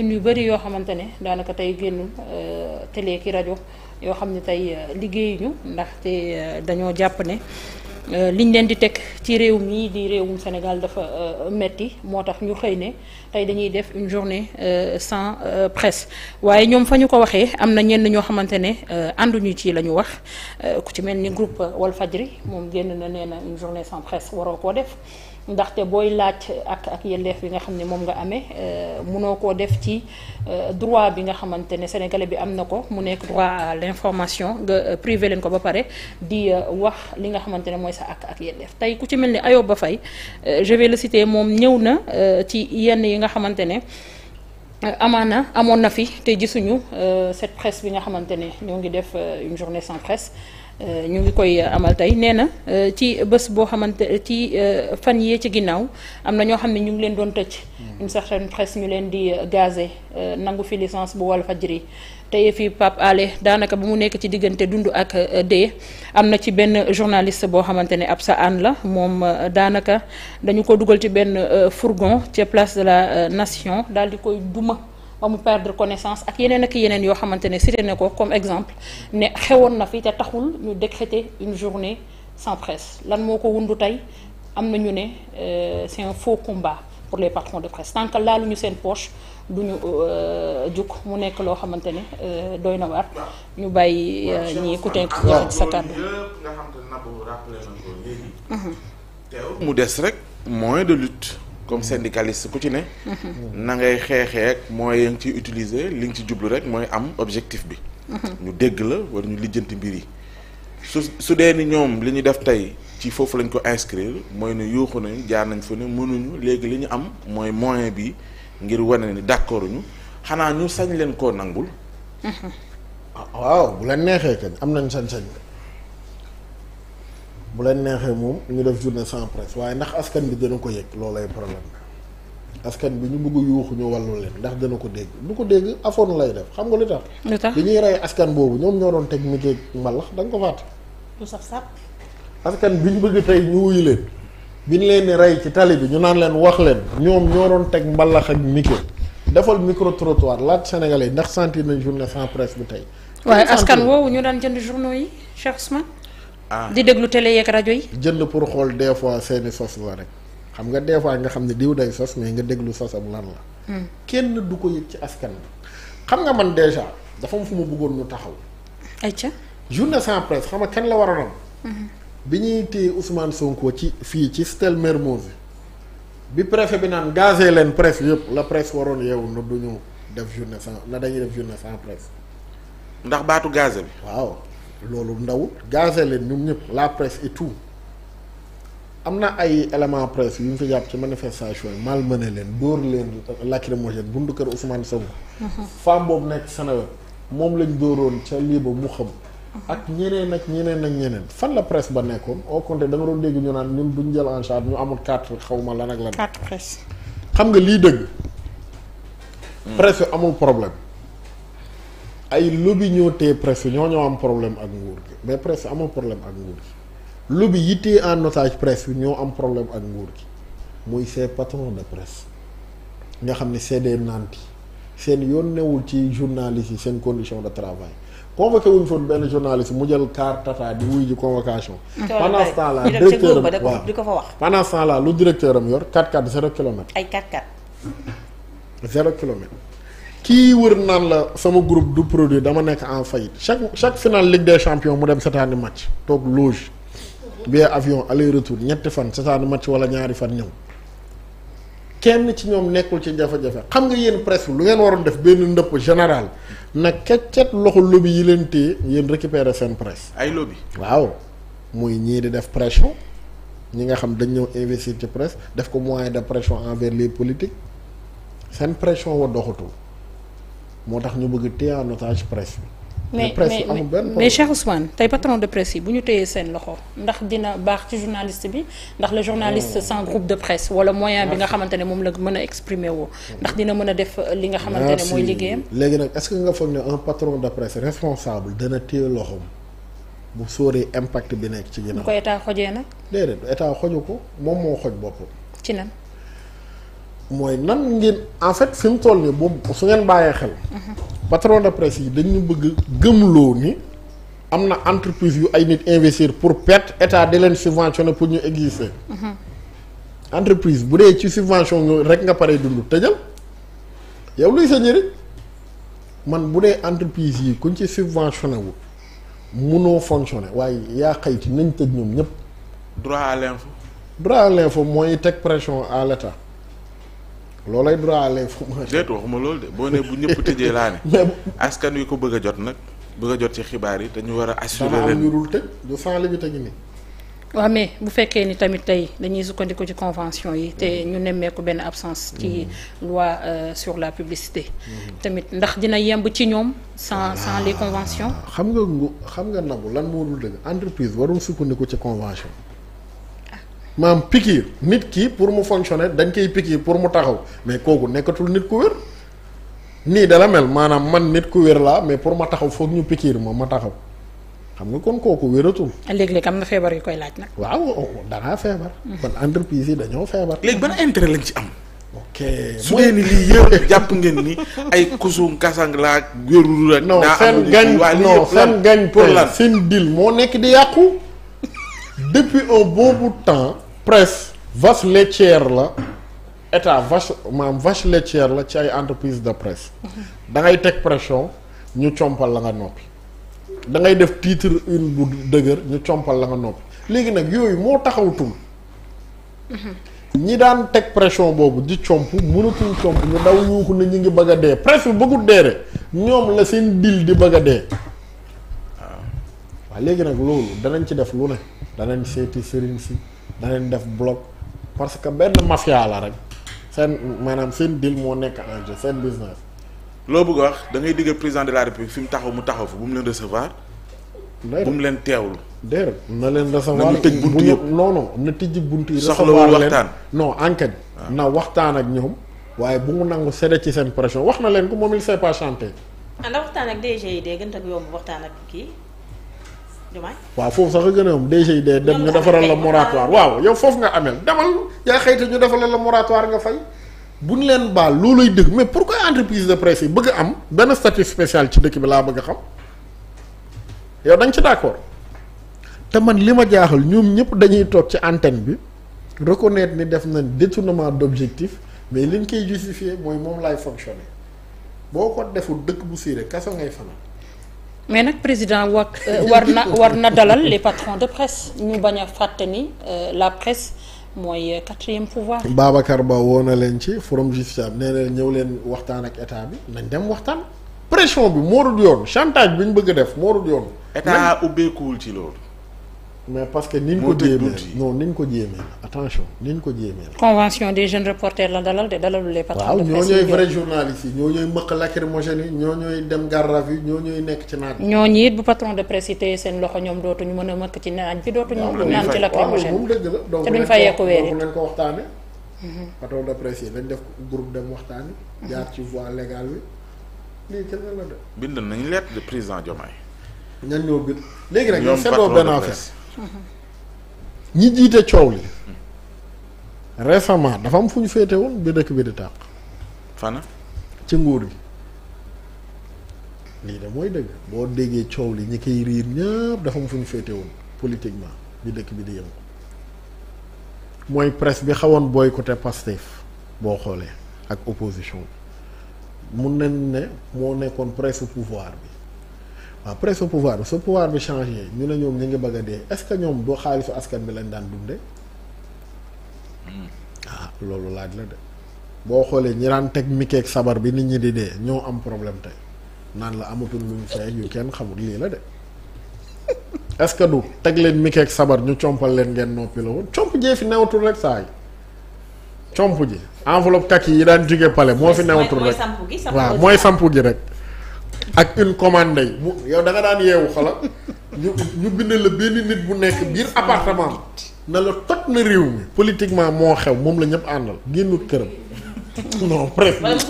ñun yu bëri yoo xamante ne daanaka tey génnul euh, télé ki rajo yoo xam ne tey euh, liggéeyuñu ndaxte euh, dañoo jàpp ne Euh, liñ leen di teg ci réew mii di réewum Sénégal dafa euh, metti moo tax ñu xëy ne tey dañuy def une journée euh, sans presse waaye ñoom fa ñu ko waxee am na ñenn ñoo xamante ne ànduñu ci la ñu wax ku ci mel ni groupe Walfadjri moom génn na nee na une journée sans presse waroo koo def ndaxte booy laaj ak ak yelleef bi nga xam ne moom nga amee munoo koo def ci droit bi nga xamante ne sénégalais bi am na ko mu nekk droit à l'information nga privé leen ko ba pare di wax li nga xamante ne mooy sa ak ak yelleef tey ku ci mel ni Ayoba Faye euh, je vais moom ñëw na euh, ci yenn yi nga xamante ne euh, amaana amoon na fi te gisuñu cette presse bi nga xamante ne ñoo ngi def une journée sans presse ñu ngi koy amal tey nee na ci bés boo xamante ci fan yee ci ginnaaw am na ñoo xam ne ñu ngi leen doon tëj. Mm. une certaine presse ñu leen di gazé nangu fi licence bu Walfadjri te yëfi Pape Alé daanaka bu mu nekk ci diggante dund ak euh, dee am na ci benn journaliste boo xamante ne ab sa aan la moom euh, daanaka dañu ko dugal ci benn euh, fourgon ci place de la nation daal di koy duma ba mu perdre connaissance ak yeneen ak yeneen yoo xamante ne cité na ko comme exemple ne xewoon na fi te taxul ñu décréter une journée sans presse lan moo ko wundu tey am na ñu ne c'est un faux combat pour les patrons de presse tant que laaluñu seen poche. du ñu euh, mu nekk loo xamante ne euh, doy na waar ñu bàyyi euh, ñii ku teg sa kàddu. Mhm. mu des rek moyen de lutte comme mhm. syndicaliste ku ci ne. Mhm. na ngay xeexee ak moyens yi nga ciy utiliser li nga ci jublu rek mooy am objectif bi. ñu dégg la wala ñu lijjanti mbir yi su su dee ni ñoom li ñu def tey ci foofu lañ ko inscrire mooy ne yuuxu nañ jaar nañ fu ne mënuñu léegi li ñu am mooy moyen bi. ngir wane ni d'accord ñu xanaa ñu sañ leen koo nangul. Ah, waaw bu leen neexee kañ am nañu sañ-sañ bu leen neexee moom ñu def journée sans presse waaye ndax askan bi dana ko yëg loolay problème askan bi ñu bugg yuuxu ñu wàllu leen ndax dana ko dégg du ko dégg afoon lay def xam nga lu tax. lu tax bi ñuy rey askan boobu ñoom ñoo doon teg miti mbalax da nga ko fàtte. lu sax sax. askan bi ñu bëgg tey ñu wuyu leen. bi ñu leen di rey ci tali bi ñu naan leen wax leen ñoom ñoo doon teg mbalax ak micro defal micro trottoir laat sénégalais ndax sentir nañ journée sans presse bi tey. waaye askan woowu ñu daan jënd journaux yi Cheikh Ousmane. ah di déglu télé yeeg rajo yi. jënd pour xool des seeni sos la rek xam nga des nga xam ne diw day sos mais nga déglu sosam lan la. Hmm. kenn du ko yëg ci askan bi xam nga man déjà dafa am fu ma bëggoon ñu taxaw. ayca journée sans presse xam bi ñuy téye Ousmane Sonko ci fii ci Stèle Mermoz bi préfet bi naan gazé leen presse yëpp la presse waroon yeewu na du ñu def journée sans na dañuy def journée sans presse. ndax baatu gazé bi. waaw loolu ndaw gazé leen ñoom ñëpp la presse et tout am na ay élément presse yu ñu fi jàpp ci manifestation yi malmené leen dóor leen lacrymogène buntu kër Ousmane Sonko. Mhm. femme boobu nekk Sénégal moom lañ dóoroon ca lii mu xam. ak ñeneen ak ñeneen ak ñeneen fan la presse ba nekkoon au compte da nga doon dégg ñu naan ñun duñ jël en charge ñu amul quatre xaw ma lan ak lan. quatre presse. xam nga lii dëgg. presse amul problème. ay lobby ñoo téye presse ñoo am problème ak nguur gi mais presse amul problème ak nguur gi. lobby yi téye en otage presse ñoo am problème ak nguur gi muy ces patrons de presse nga xam ne c'est des nantis seen yoon newul ci journalistes yi seen condition de travail. convoqué wuñ foon benn journaliste mu jël car tata di wuy ji convocation. Mm. pendant ce directeur am di ko fa wax. pendant ce temps lu directeur am yor 4-4 zéro kilomètre. ay kii wër naan la sama groupe du produit dama nekk en faillite chaque chaque finale Ligue des mu dem seetaani match toog loge. bi avion aller retour ñetti fan seetaani match wala ñaari fan ñëw. kenn ci ñoom nekkul ci jafe-jafe xam nga yéen presse lu ngeen waroon def benn ndëpp général na keccet loxo lobby yi leen téye yéen récupérer seen presse. ay lobby waaw muy ñii di def pression ñi nga xam dañ ñëw investir ci presse def ko moyen de pression envers les politique seen pression wa doxatul moo tax ñu bëgg téye en otage presse bi. mais mais mais Cheikh Ousmane tey patron de presse yi bu ñu téyee seen loxo ndax dina baax ci journaliste bi ndax le journaliste sans groupe de presse wala moyen bi nga xamante ne moom la mën a exprimer woo mm-hmm. ndax dina mën a def euh, li nga xamante ne mooy liggéeyam léegi nag est que nga foog ne un patron de presse responsable dana téye loxoom bu sóoree impact bi nekk ci ginnaaw bu ko état xojee nag déedéet état xoju ko moom moo xoj bopp ci nan mooy nan ngeen en fait fi mu toll nii boobu su ngeen bàyyee xel. Mhm. patron de presse yi dañu bëgg gëmloo ni am na entreprise yu ay nit investir pour perte état di leen subventionné pour ñu exister. Mhm. entreprise bu dee ci subvention rek nga pare dund tëjal yow luy sa njëriñ man bu dee entreprise yi kuñ ci subventionné wu munoo fonctionné waaye yaa xayti nañ tëj ñoom ñëpp. droit à l'info. droit à l'info mooy teg pression à l'état. loolay droit à l'information. déet waxuma loolu de boo nee bu ñëpp tëjee laa ne. askan wi ko bëgg a jot nag bëgg jot ci xibaar yi dañu war a. assurer leen dana am ñu dul tëj du bu fekkee ni tamit tey dañuy sukkandiku ci convention yi te ñu nemmeeku benn absence. ci mm-hmm. loi euh, sur la publicité. Mm-hmm. tamit ndax dina yemb ci ñoom. sans ah, sans les conventions. xam nga ngu xam nga nabu lan moo dul dëgg entreprise warul sukkandiku ci convention. maam piqûre nit ki pour mu fonctionner dañ koy piqûre pour mu taxaw mais kooku nekkatul nit ku wér nii dala mel maanaam man nit ku wér laa mais pour ma taxaw foog ñu piqûre moom ma taxaw xam nga kon kooku wératul. Ah, léeg-léeg am na feebar yu koy laaj nag. waaw danaa feebar. Mm-hmm. kon entreprise yi dañoo feebar. léegi ban intérêt lañ ci am. su dee ni lii yëpp jàpp ngeen ni ay kusum kasang laa wérul rek. non seen gañ non seen pour la seen dil moo nekk di yàqu. depuis un temps. presse vache laitière la état vache maam vache laitière la ci ay entreprise de presse da ngay teg pression ñu compal la nga noppi da ngay def titre une bu dëgër ñu compal la nga noppi léegi nag yooyu moo taxawtul ñi daan teg pression boobu di comp mënatuñ comp ñu daw yuuxu ne ñu ngi bëgg a dee presse bi bëggul dee ñoom la seen dil di bëgg a dee waaw léegi nag loolu danañ ci def lu ne danañ seeti sëriñ si danañ def blog parce que benn mafia la rek seen maanaam seen deal moo nekk en seen business. loo bëgg wax da ngay digg président de la république fi mu taxaw mu taxaw fa bu mu leen recevoir. bu mu leen teewlu. de na leen recevoir na tëj bunt yëpp non non na tijji bunt yi. soxlawul waxtaan no enquête. Ah. na waxtaan ak ñoom. waaye bu mu nangu sedda ci seen pression wax na leen ko moom il sait pas chanter. ah ndax waxtaan ak kii. waaw foofu sax a gën a am DG yi dee dem ñu defaral la moratoire waaw yow foofu nga amel demal yaa xëyta ñu defaral la moratoire nga fay bu ñu leen baal loolay dëgg mais pourquoi entreprise de presse yi bëgg am benn statut spécial ci dëkk bi laa bëgg a xam yow da ci d'accord te man li ma jaaxal ñoom ñëpp dañuy toog ci antenne bi reconnaître ni def na détournement d'objectif mais liñ koy justifier mooy moom laay fonctionner boo ko deful dëkk bu siire kaso ngay fanaan mais nag président war euh, war na war na dalal les patrons de presse ñu bañ a fàtte ni euh, la presse mooy euh, quatrième pouvoir. Babacar Ba woo na leen ci forum justiciable nee na ñëw leen waxtaan ak état bi nañ dem waxtaan pression bi moorul yoon chantage bi ñu bëgg a def moorul yoon. état ubbeekuwul ci loolu. mais parce que niñ ko jéemee non niñ ko jéemee attention niñ ko jéemee convention des jeunes reporters la dalal de dalalu les patrons waaw ñoo ñooy vrai journalistes yi ñoo ñooy mëq lacrymogène yi ñoo ñooy dem garraf yi ñoo ñooy nekk ci naaj ñoo ñi it bu patron de presse yi téye seen loxo ñoom dootuñu mën a mëkk ci naañ fi dootuñu naan ci lacrymogène moom dëgg la donc te duñ fa yeeku weer donc nañ ko waxtaane mhm. patron de presse yi lañ def groupe dem waxtaane mhm. jaar ci voie légale bi lii kenn la de bind nañ lettre de président Diomaye ñan ñoo bind léegi rek seetloo benn affaire ñi jiite coow li récemment dafa am fu ñu féete dëkk bi di tàq. fana ci nguur bi lii de mooy dëgg boo déggee coow li ñi koy riir ñëpp dafa am fu ñu féete woon politiquement bi dëkk bi di yëngu mooy presse bi xawoon boycotté Pastef boo xoolee ak opposition bi mun nañ ne moo nekkoon presse pouvoir bi. après su pouvoir bi su pouvoir bi changé ñu ne ñoom ñi ngi bëgg a dee est-ce que ñoom boo xaalisu askan bi lañ daan dunde hmm. ah loolu laaj la de boo xoolee ñi daan teg mikeeg sabar bi nit ñi di dee ñoo am problème tey naan la amatul lu ñu yu kenn xamul lii la de est-ce que du teg leen mikeeg sabar ñu compal leen ngeen noppi la woon comp jee fi newatul rek saa yi comp ji enveloppe kaki yi daan jóge pale moo fi newatul rek waaw mooy samp gi rek ak une commande yi mu yow da nga daan yeewu xala ñu ñu bind la benn nit bu nekk biir appartement na la toj na réew mi politiquement moo xew moom la ñëpp àndal génnut këram non bref am na ci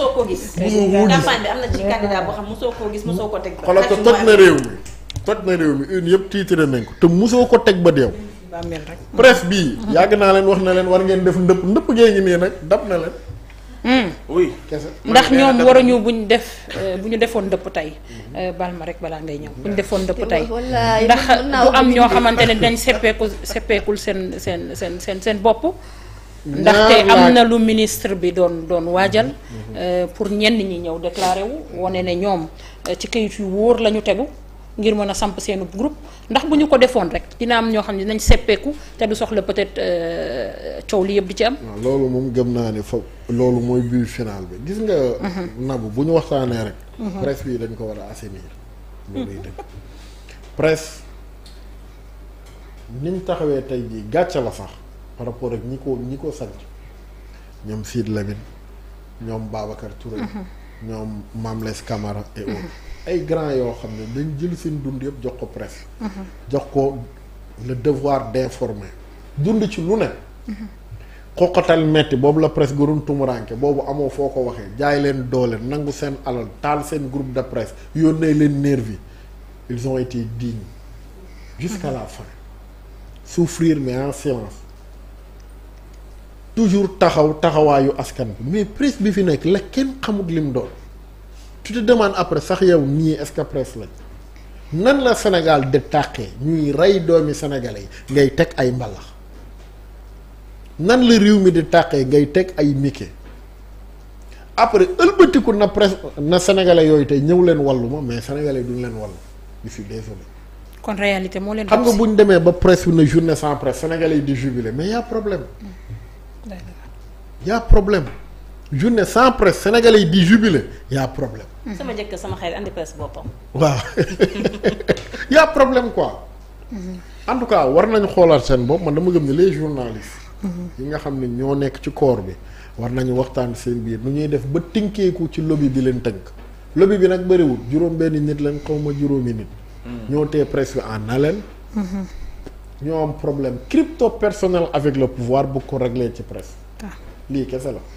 gis mosoo ko teg ba xoolal toj na réew mi toj na réew mi une yëpp tiitre nañ ko te mosoo ko teg ba deew presse bii yàgg naa leen wax na leen war ngeen def ndëpp ndëpp gee ngi nii nag dab na leen hmm. ndax ñoom waruñu bu ñu def euh, bu ñu defoon dëpp tey euh, bal ma rek balaa ngay ñëw bu defoon dëpp tey ndax bu am ñoo xamante ne dañ seppeeku seppeekul seen seen seen seen seen bopp ndaxte am na lu ministre bi doon doon waajal euh, pour ñenn ñi ñëw déclaré wu ne ñoom ci kayit yu wóor la tegu ngir mën a samp seenu group ndax bu ñu ko defoon rek dina am ñoo xam ne nañ seppeeku te du soxla peut-être euh, coow li yëpp di ci am. waaw loolu moom gëm naa ne foofu loolu mooy but final bi gis nga. Mhm. nabu bu ñu waxtaanee rek. Mhm. presse bi dañ ko war a assainir. loolu dëgg presse ni mu taxawee tey jii gàcce la sax par rapport ak ñi ko ñi ko sant ñoom Sidy Lamine ñoom Babacar Touré. Mhm. ñoom Mame Less Camara et autres ay grands yoo xam ne dañ jël seen dund yëpp jox ko presse jox ko le devoir d'informer dund ci lu ne xoqatal metti boobu la presse gëroon tumuranke boobu amoo foo ko waxee jaay leen doole nangu seen alal taal seen groupe de presse yónnee leen nervi ils on été dignes jusqu'à la fin souffrir mais en silence toujours taxaw taxawaayu askan bi mais presse bi fi nekk la kenn xamut lim doon tu te demandes après sax yow nii est-ce que presse lañ nan la Sénégal de tàqee ñuy rey doomi sénégalais yi ngay teg ay mbalax nan la réew mi di tàqee ngay teg ay mike après ëlbatiku na presse na sénégalais yooyu tey ñëw leen wallu ma mais sénégalais duñ leen wallu je suis désolé kon réalité moo leen. xam nga bu ñu demee ba presse bi na journée sans presse sénégalais yi di jubilé mais y problème. Mm. y' a problème journée sans presse sénégalais yi di jubilé y' a problème. sama njëkk sama xarit andi presse boppam. waaw y' a problème quoi. en tout cas war nañu xoolaat seen bopp man dama gëm ne les journalistes. yi nga xam ne ñoo nekk ci koor bi war nañu waxtaan seen biir nu ñuy def ba tinkeeku ci lobby bi leen tënk. lobby bi nag bëriwul juróom benn nit leen xaw ma juróomi nit. Mm. ñoo te presse bi na leen ñoo am problème crypto personnel avec le pouvoir bu ko régler ci presse ah. lii kese la